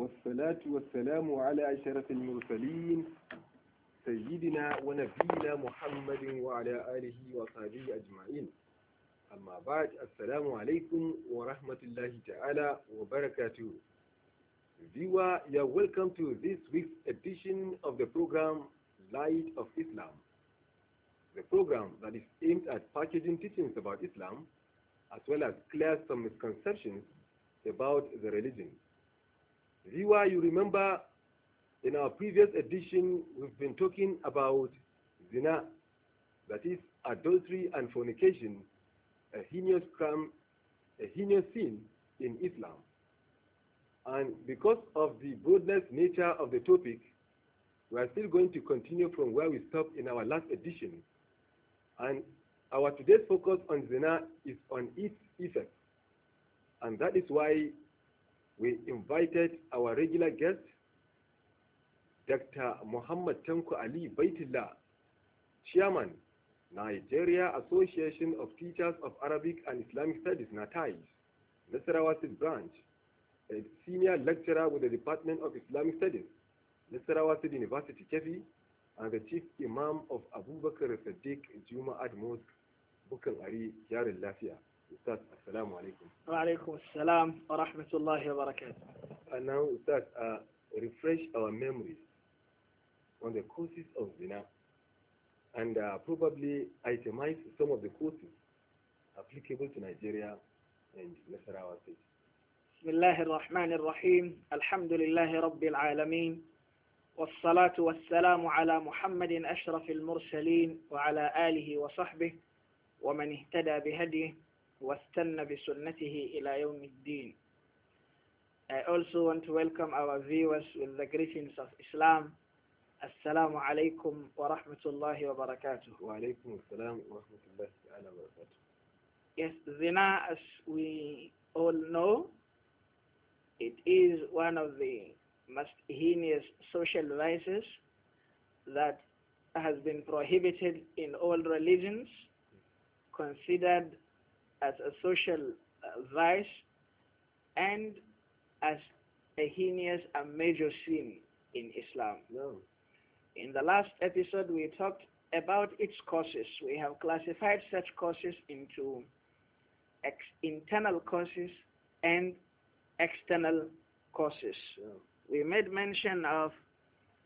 والصلاة والسلام على أشرف المرسلين سيدنا ونبينا محمد وعلى آله وصحبه أجمعين أما بعد السلام عليكم ورحمة الله تعالى وبركاته Viewer, you are welcome to this week's edition of the program Light of Islam. The program that is aimed at packaging teachings about Islam as well as clear some misconceptions about the religion. Riwa, you remember in our previous edition, we've been talking about zina, that is adultery and fornication, a heinous crime, a heinous sin in Islam. And because of the broadness nature of the topic, we are still going to continue from where we stopped in our last edition. And our today's focus on zina is on its effects. And that is why we invited our regular guest, Dr. Muhammad Tanko Ali Baitullah, Chairman, Nigeria Association of Teachers of Arabic and Islamic Studies, NATAIS, Nasarawa State Branch, a senior lecturer with the Department of Islamic Studies, Nasarawa State University, Kefi, and the Chief Imam of Abu Bakr Sadiq Juma'ad Mosque, Bukan Ari, Yaril أستاذ السلام عليكم وعليكم السلام ورحمة الله وبركاته And now Ustaz, uh, refresh our memories on the causes of zina and uh, probably itemize some of the causes applicable to Nigeria and Nasarawa state. بسم الله الرحمن الرحيم الحمد لله رب العالمين والصلاة والسلام على محمد أشرف المرسلين وعلى آله وصحبه ومن اهتدى بهديه واستنى بسنته إلى يوم الدين I also want to welcome our viewers with the greetings of Islam. Assalamu alaikum wa rahmatullahi wa barakatuh. Wa alaikum assalam wa rahmatullahi wa barakatuh. Yes, zina, as we all know, it is one of the most heinous social vices that has been prohibited in all religions, considered as a social uh, vice and as a heinous and major sin in Islam. No. In the last episode, we talked about its causes. We have classified such causes into internal causes and external causes. No. We made mention of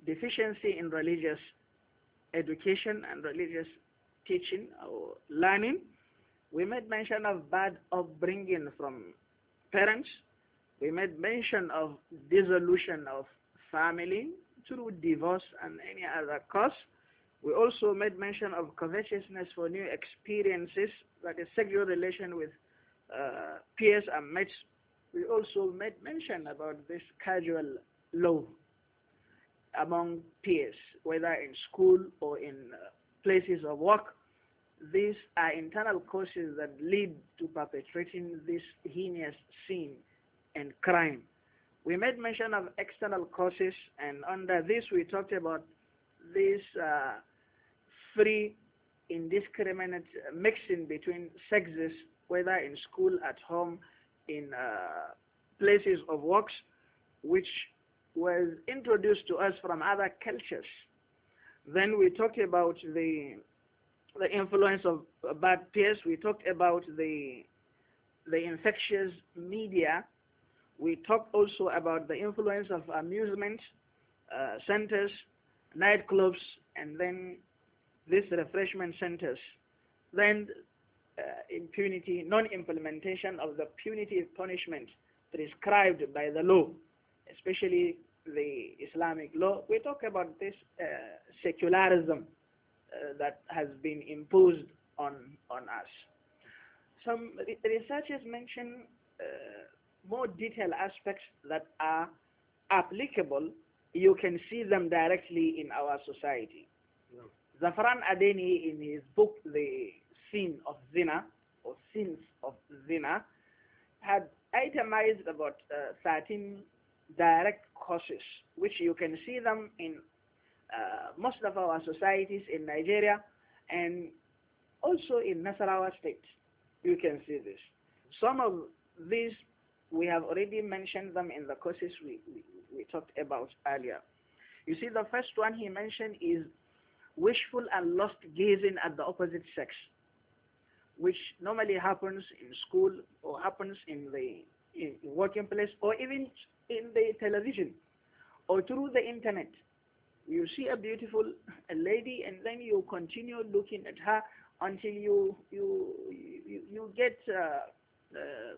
deficiency in religious education and religious teaching or learning we made mention of bad upbringing from parents. We made mention of dissolution of family through divorce and any other cause. We also made mention of covetousness for new experiences, like a sexual relation with uh, peers and mates. We also made mention about this casual love among peers, whether in school or in uh, places of work these are internal causes that lead to perpetrating this heinous sin and crime. We made mention of external causes, and under this we talked about this uh, free, indiscriminate mixing between sexes, whether in school, at home, in uh, places of works, which was introduced to us from other cultures. Then we talked about the the influence of bad peers. We talked about the the infectious media. We talked also about the influence of amusement uh, centers, nightclubs, and then these refreshment centers. Then uh, impunity, non-implementation of the punitive punishment prescribed by the law, especially the Islamic law. We talk about this uh, secularism that has been imposed on on us. Some re researchers mention uh, more detailed aspects that are applicable. You can see them directly in our society. No. Zafran Adeni, in his book The Sin of Zina, or Sins of Zina, had itemized about uh, 13 direct causes, which you can see them in uh, most of our societies in Nigeria and also in Nasarawa state, you can see this. Some of these, we have already mentioned them in the courses we, we, we talked about earlier. You see, the first one he mentioned is wishful and lost gazing at the opposite sex, which normally happens in school or happens in the in working place or even in the television or through the internet you see a beautiful lady and then you continue looking at her until you you you, you get uh, uh,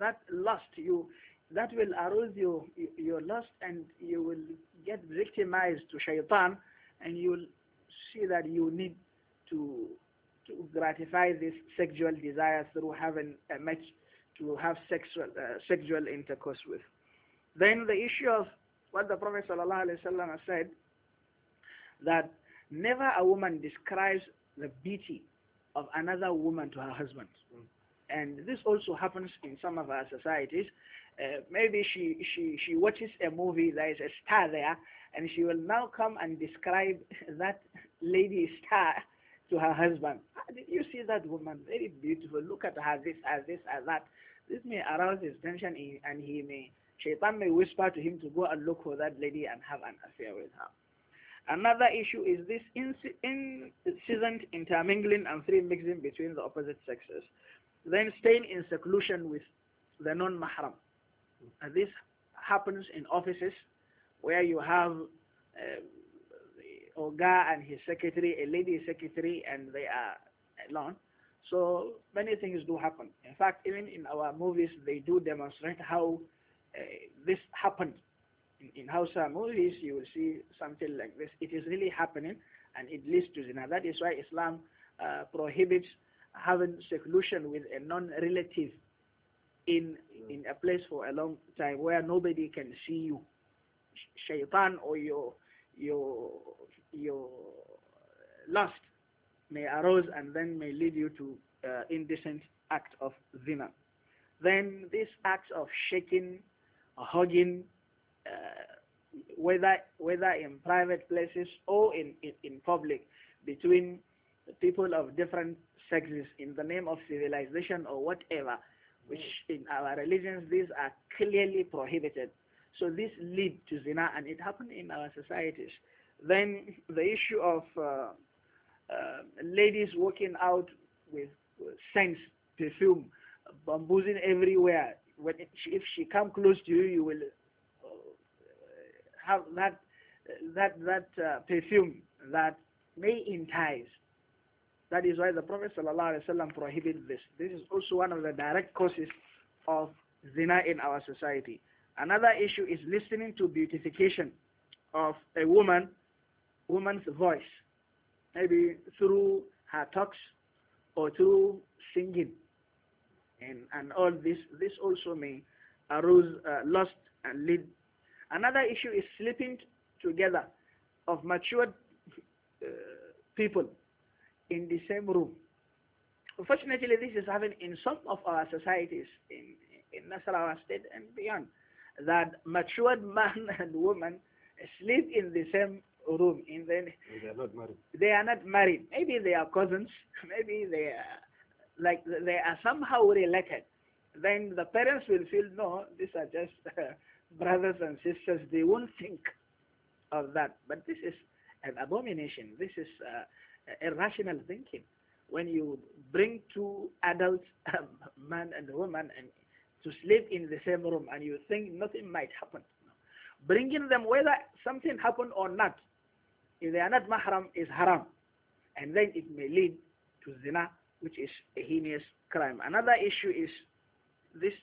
that lust you that will arouse you your lust and you will get victimized to shaitan and you will see that you need to to gratify these sexual desires through having a match to have sexual uh, sexual intercourse with then the issue of what the Prophet ﷺ said, that never a woman describes the beauty of another woman to her husband. Mm. And this also happens in some of our societies. Uh, maybe she, she, she watches a movie, there is a star there, and she will now come and describe that lady star to her husband. Ah, did you see that woman? Very beautiful. Look at her, this, as this, as that. This may arouse his tension, and he may Shaitan may whisper to him to go and look for that lady and have an affair with her. Another issue is this incessant intermingling and free mixing between the opposite sexes. Then staying in seclusion with the non-mahram. And this happens in offices where you have uh, the Oga and his secretary, a lady secretary, and they are alone. So many things do happen. In fact, even in our movies, they do demonstrate how uh, this happened. In, in Hausa movies, you will see something like this. It is really happening and it leads to zina. That is why Islam uh, prohibits having seclusion with a non-relative in in a place for a long time where nobody can see you. Shaitan or your your your lust may arise and then may lead you to uh, indecent act of zina. Then this act of shaking hugging, uh, whether whether in private places or in, in, in public, between people of different sexes in the name of civilization or whatever, which in our religions these are clearly prohibited. So this lead to zina, and it happened in our societies. Then the issue of uh, uh, ladies walking out with scents, perfume, bamboozing everywhere, when she, if she come close to you, you will uh, have that that that uh, perfume that may entice. That is why the Prophet wasallam prohibited this. This is also one of the direct causes of zina in our society. Another issue is listening to beautification of a woman, woman's voice, maybe through her talks or through singing and, and all this, this also may arouse uh, lust and lead. Another issue is sleeping together of matured uh, people in the same room. Unfortunately, this is happening in some of our societies in, in Nasarawa state and beyond, that matured man and woman sleep in the same room. In the, they are not married. They are not married. Maybe they are cousins. Maybe they are like they are somehow related, then the parents will feel, no, these are just brothers and sisters. They won't think of that. But this is an abomination. This is uh, irrational thinking. When you bring two adults, a um, man and woman and to sleep in the same room and you think nothing might happen. No. Bringing them, whether something happened or not, if they are not mahram, is haram. And then it may lead to zina which is a heinous crime. Another issue is this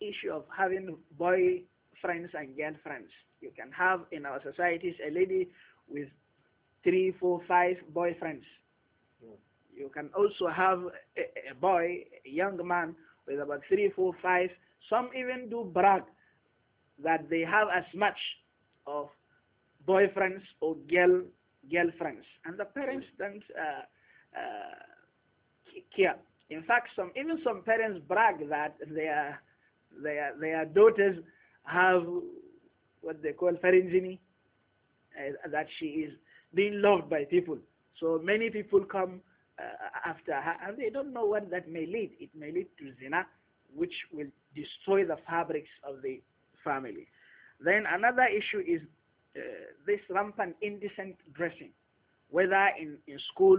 issue of having boy friends and girl friends. You can have in our societies a lady with three, four, five boyfriends. Hmm. You can also have a, a, boy, a young man with about three, four, five. Some even do brag that they have as much of boyfriends or girl girlfriends, and the parents hmm. don't. Uh, uh, care. In fact, some even some parents brag that their their their daughters have what they call pharyngeny, uh, that she is being loved by people. So many people come uh, after her, and they don't know what that may lead. It may lead to zina, which will destroy the fabrics of the family. Then another issue is uh, this rampant indecent dressing, whether in, in school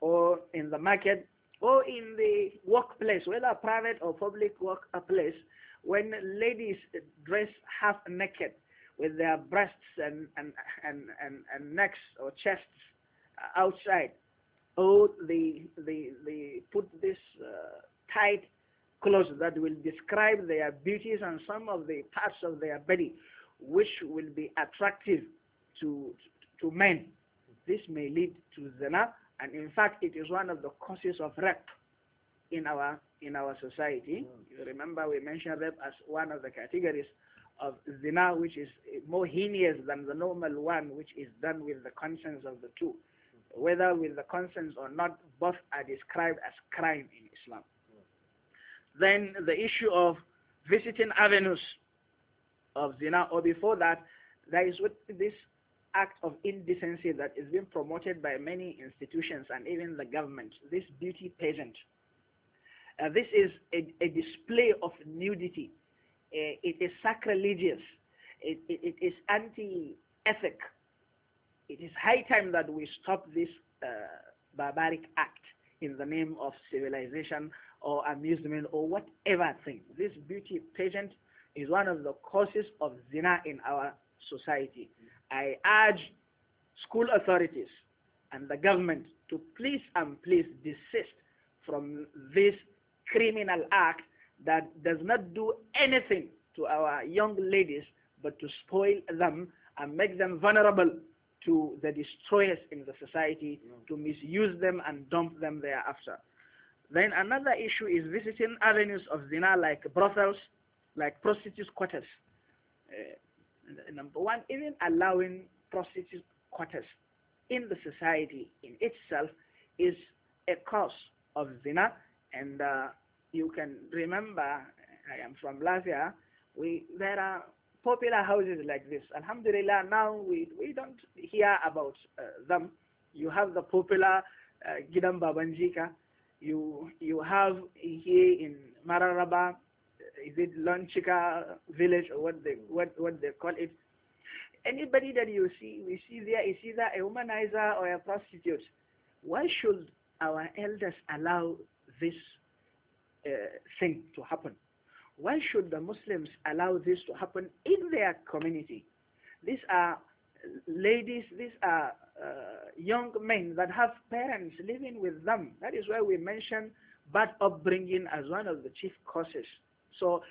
or in the market or in the workplace, whether private or public workplace, when ladies dress half naked with their breasts and, and, and, and, and necks or chests outside, or they, they, they put this uh, tight clothes that will describe their beauties and some of the parts of their body which will be attractive to, to men. This may lead to zina and in fact, it is one of the causes of rape in our in our society. Hmm. You remember we mentioned rape as one of the categories of zina, which is more heinous than the normal one, which is done with the consent of the two. Hmm. Whether with the consent or not, both are described as crime in Islam. Hmm. Then the issue of visiting avenues of zina, or before that, there is this act of indecency that is being promoted by many institutions and even the government, this beauty pageant. Uh, this is a, a, display of nudity. Uh, it is sacrilegious. It, it, it is anti-ethic. It is high time that we stop this uh, barbaric act in the name of civilization or amusement or whatever thing. This beauty pageant is one of the causes of zina in our society. I urge school authorities and the government to please and please desist from this criminal act that does not do anything to our young ladies but to spoil them and make them vulnerable to the destroyers in the society to misuse them and dump them thereafter. Then another issue is visiting avenues of zina like brothels, like prostitutes' quarters. Uh, number one, even allowing prostitute quarters in the society in itself is a cause of zina. And uh, you can remember, I am from Latvia, we, there are popular houses like this. Alhamdulillah, now we, we don't hear about uh, them. You have the popular uh, Gidan Babanjika. You, you have here in Mararaba, is it Lanchika village or what they what what they call it? Anybody that you see, we see there is either a womanizer or a prostitute. Why should our elders allow this uh, thing to happen? Why should the Muslims allow this to happen in their community? These are ladies, these are uh, young men that have parents living with them. That is why we mention bad upbringing as one of the chief causes so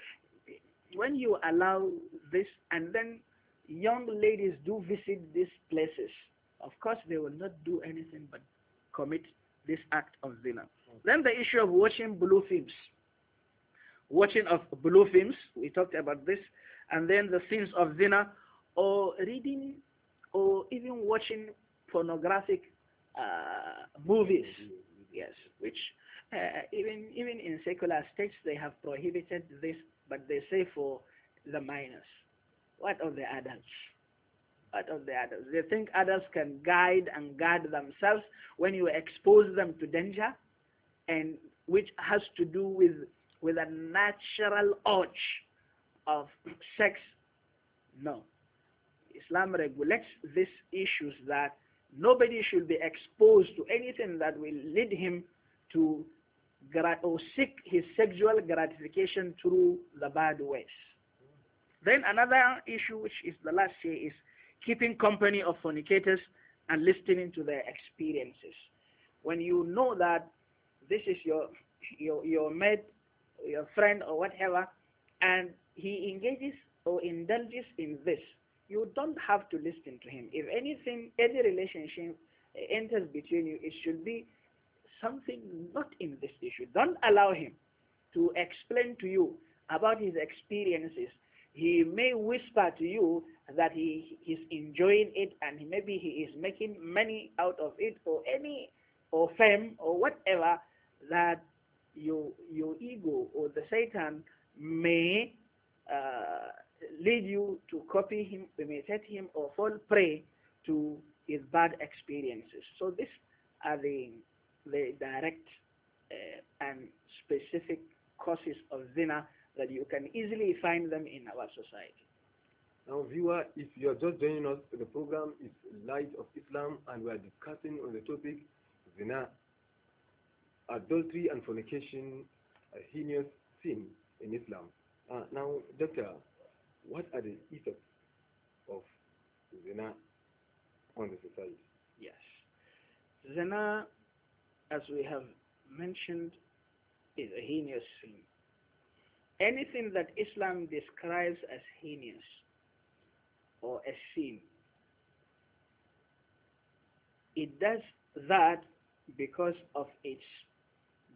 when you allow this, and then young ladies do visit these places, of course they will not do anything but commit this act of zina. Then the issue of watching blue films. Watching of blue films, we talked about this, and then the sins of zina, or reading, or even watching pornographic uh, movies, mm-hmm. yes, which uh, even even in secular states they have prohibited this, but they say for the minors. What of the adults? What of the adults? They think adults can guide and guard themselves when you expose them to danger, and which has to do with with a natural urge of sex. No. Islam regulates these issues that nobody should be exposed to anything that will lead him to or seek his sexual gratification through the bad ways. Then another issue, which is the last here, is keeping company of fornicators and listening to their experiences. When you know that this is your your your mate, your friend or whatever, and he engages or indulges in this, you don't have to listen to him. If anything, any relationship enters between you, it should be something not in this issue. Don't allow him to explain to you about his experiences. He may whisper to you that he is enjoying it and maybe he is making money out of it or any or fame or whatever that your your ego or the Satan may uh, lead you to copy him, imitate him, or fall prey to his bad experiences. So these are the the direct uh, and specific causes of zina that you can easily find them in our society. Now, viewer, if you are just joining us, the program is Light of Islam, and we are discussing on the topic zina, adultery and fornication, a heinous sin in Islam. Uh, now, doctor, what are the effects of zina on the society? Yes, zina as we have mentioned, is a heinous sin. Anything that Islam describes as heinous or a sin, it does that because of its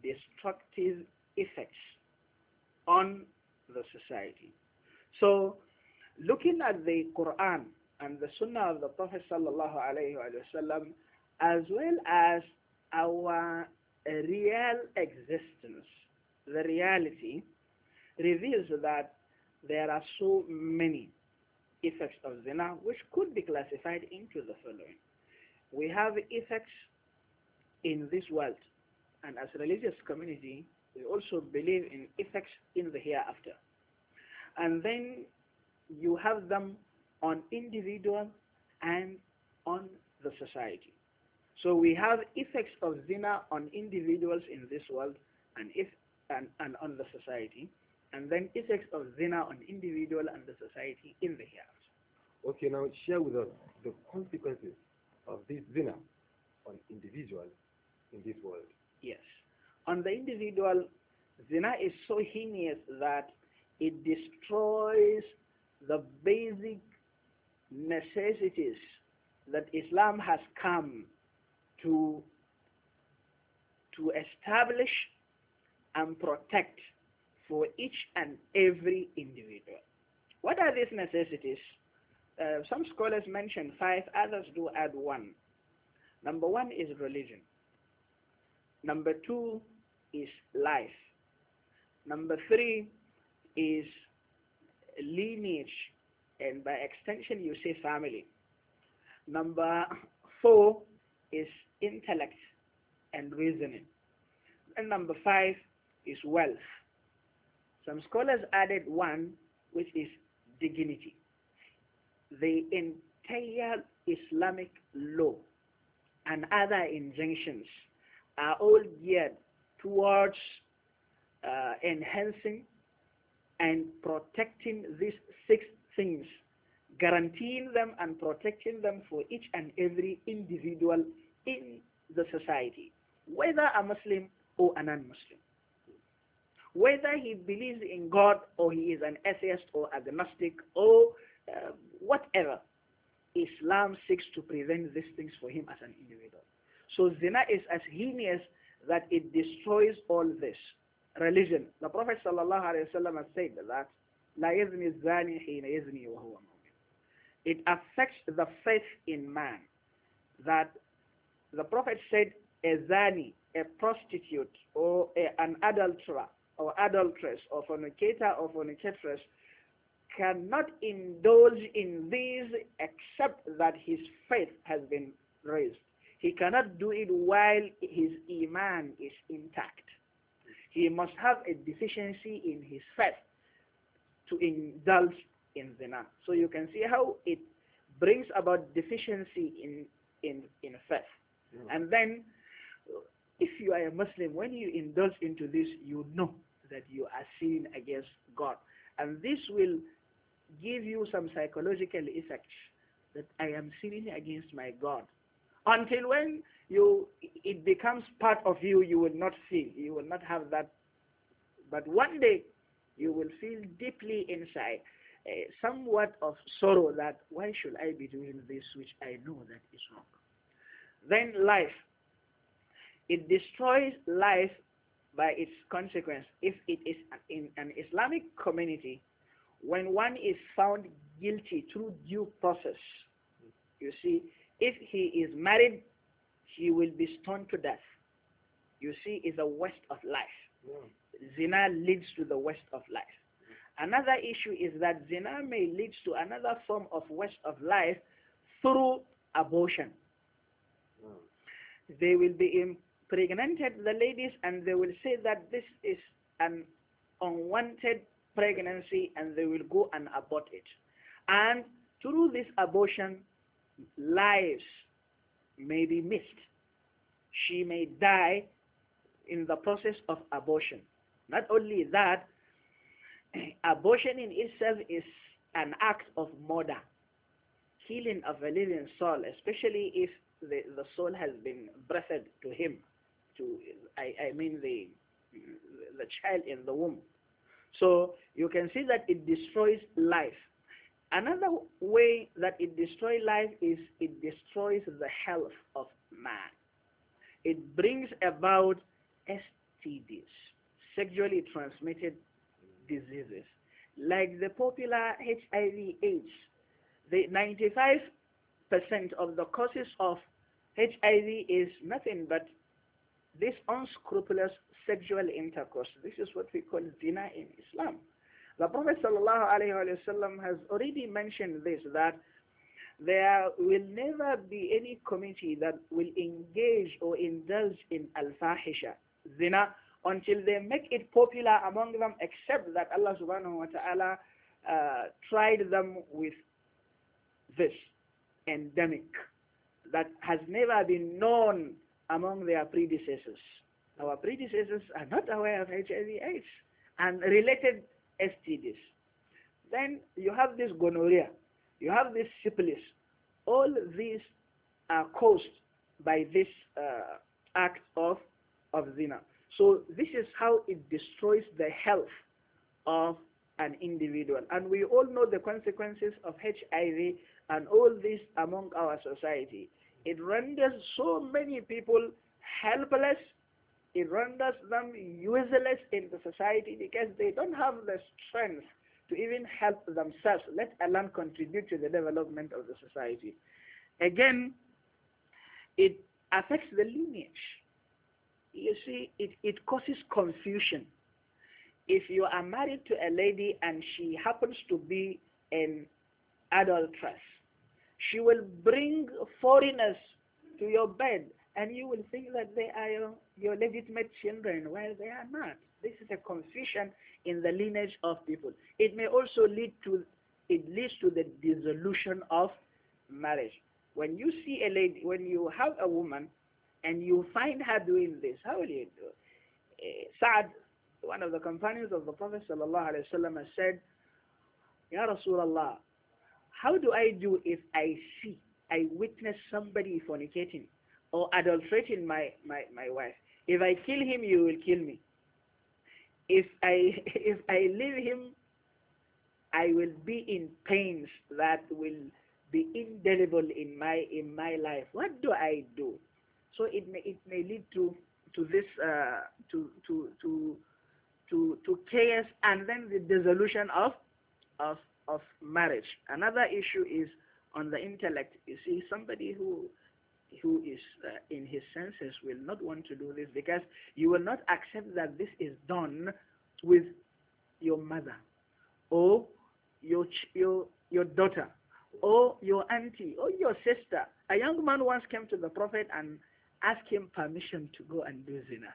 destructive effects on the society. So, looking at the Quran and the Sunnah of the Prophet as well as our uh, real existence, the reality, reveals that there are so many effects of zina which could be classified into the following. We have effects in this world and as a religious community we also believe in effects in the hereafter. And then you have them on individual and on the society. So we have effects of zina on individuals in this world and, if, and, and on the society, and then effects of zina on individual and the society in the hereafter. Okay, now share with us the consequences of this zina on individual in this world. Yes. On the individual, zina is so heinous that it destroys the basic necessities that Islam has come to to establish and protect for each and every individual. What are these necessities? Uh, some scholars mention five, others do add one. Number one is religion. Number two is life. Number three is lineage, and by extension you say family. Number four is intellect and reasoning. And number five is wealth. Some scholars added one, which is dignity. The entire Islamic law and other injunctions are all geared towards uh, enhancing and protecting these six things, guaranteeing them and protecting them for each and every individual in the society, whether a Muslim or a non-Muslim. Whether he believes in God or he is an atheist or agnostic or uh, whatever, Islam seeks to prevent these things for him as an individual. So zina is as heinous that it destroys all this. Religion. The Prophet ﷺ has said that لا يزني الزاني حين يزني وهو مؤمن. It affects the faith in man that the Prophet said, a zani, a prostitute, or a, an adulterer, or adulteress, or fornicator, or fornicatress, cannot indulge in these except that his faith has been raised. He cannot do it while his iman is intact. He must have a deficiency in his faith to indulge in zina. So you can see how it brings about deficiency in, in, in faith. And then, if you are a Muslim, when you indulge into this, you know that you are sinning against God. And this will give you some psychological effect that I am sinning against my God. Until when you it becomes part of you, you will not feel, you will not have that. But one day, you will feel deeply inside uh, somewhat of sorrow that why should I be doing this which I know that is wrong. Then life. It destroys life by its consequence if it is in an Islamic community when one is found guilty through due process. You see, if he is married, he will be stoned to death. You see, it's a waste of life. Yeah. Zina leads to the waste of life. Another issue is that zina may lead to another form of waste of life through abortion they will be impregnated, the ladies, and they will say that this is an unwanted pregnancy and they will go and abort it. And through this abortion, lives may be missed. She may die in the process of abortion. Not only that, abortion in itself is an act of murder, killing of a living soul, especially if the, the soul has been breathed to him, to I, I mean the, the child in the womb. So you can see that it destroys life. Another way that it destroys life is it destroys the health of man. It brings about STDs, sexually transmitted diseases, like the popular HIV AIDS. The 95% of the causes of HIV is nothing but this unscrupulous sexual intercourse. This is what we call zina in Islam. The Prophet ﷺ has already mentioned this, that there will never be any committee that will engage or indulge in al-fahisha, zina, until they make it popular among them, except that Allah subhanahu wa ta'ala uh, tried them with this endemic that has never been known among their predecessors. Our predecessors are not aware of HIV AIDS and related STDs. Then you have this gonorrhea, you have this syphilis. All these are caused by this uh, act of, of zina. So this is how it destroys the health of an individual. And we all know the consequences of HIV and all this among our society. It renders so many people helpless. It renders them useless in the society because they don't have the strength to even help themselves, let alone contribute to the development of the society. Again, it affects the lineage. You see, it, it causes confusion. If you are married to a lady and she happens to be an adulteress, she will bring foreigners to your bed and you will think that they are your, your legitimate children, while they are not. This is a confusion in the lineage of people. It may also lead to it leads to the dissolution of marriage. When you see a lady, when you have a woman, and you find her doing this, how will you do? Eh, Saad, one of the companions of the Prophet sallallahu wasallam, said, "Ya Rasulullah, how do I do if I see, I witness somebody fornicating or adulterating my, my, my wife? If I kill him, you will kill me. If I, if I leave him, I will be in pains that will be indelible in my, in my life. What do I do? So it may, it may lead to, to this, uh, to, to, to, to, to chaos and then the dissolution of, of of marriage. Another issue is on the intellect. You see, somebody who who is uh, in his senses will not want to do this because you will not accept that this is done with your mother or your your your daughter or your auntie or your sister. A young man once came to the prophet and asked him permission to go and do zina.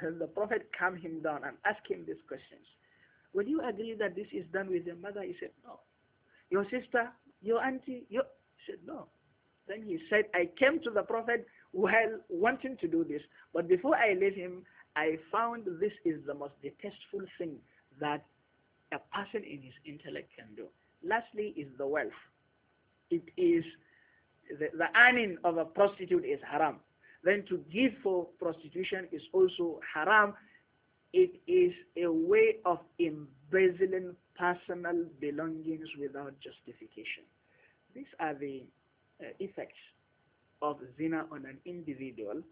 And the prophet calmed him down and asked him these questions. Will you agree that this is done with your mother? He said, No. Your sister, your auntie, your... He said, No. Then he said, I came to the Prophet while wanting to do this, but before I leave him, I found this is the most detestful thing that a person in his intellect can do. Lastly is the wealth. It is the, the earning of a prostitute is haram. Then to give for prostitution is also haram it is a way of embezzling personal belongings without justification. These are the uh, effects of zina on an individual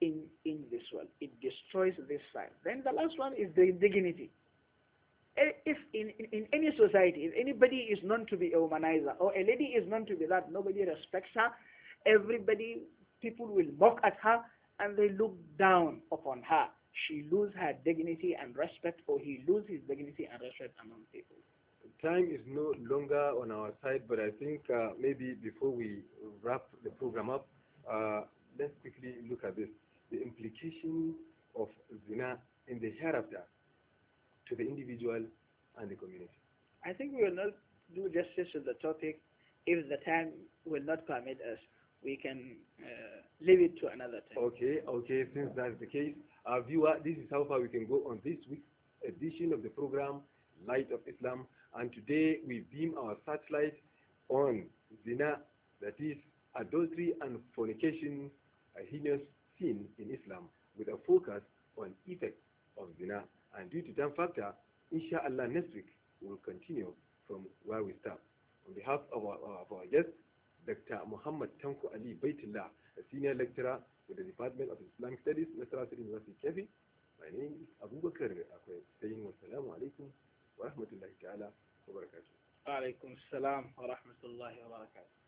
in, in this world. It destroys this side. Then the last one is the dignity. If in, in, in any society, if anybody is known to be a womanizer or a lady is known to be that, nobody respects her, everybody, people will mock at her and they look down upon her she lose her dignity and respect, or he lose his dignity and respect among people. Time is no longer on our side, but I think uh, maybe before we wrap the program up, uh, let's quickly look at this. The implication of zina in the hereafter to the individual and the community. I think we will not do justice to the topic if the time will not permit us we can uh, leave it to another time. Okay, okay, since that's the case, our uh, viewer, this is how far we can go on this week's edition of the program Light of Islam. And today we beam our satellite on zina, that is adultery and fornication, a heinous sin in Islam, with a focus on effects of zina. And due to time factor, inshallah next week we will continue from where we start. On behalf of our, of our guests, Dr. Muhammad Tanko Ali Baitullah, a senior lecturer with the Department of Islamic Studies, Nasara City University, Kefi. My name is Abubakar Akwai, saying wassalamu alaikum wa rahmatullahi ta'ala wa barakatuh. Wa alaikum salam wa rahmatullahi wa barakatuh.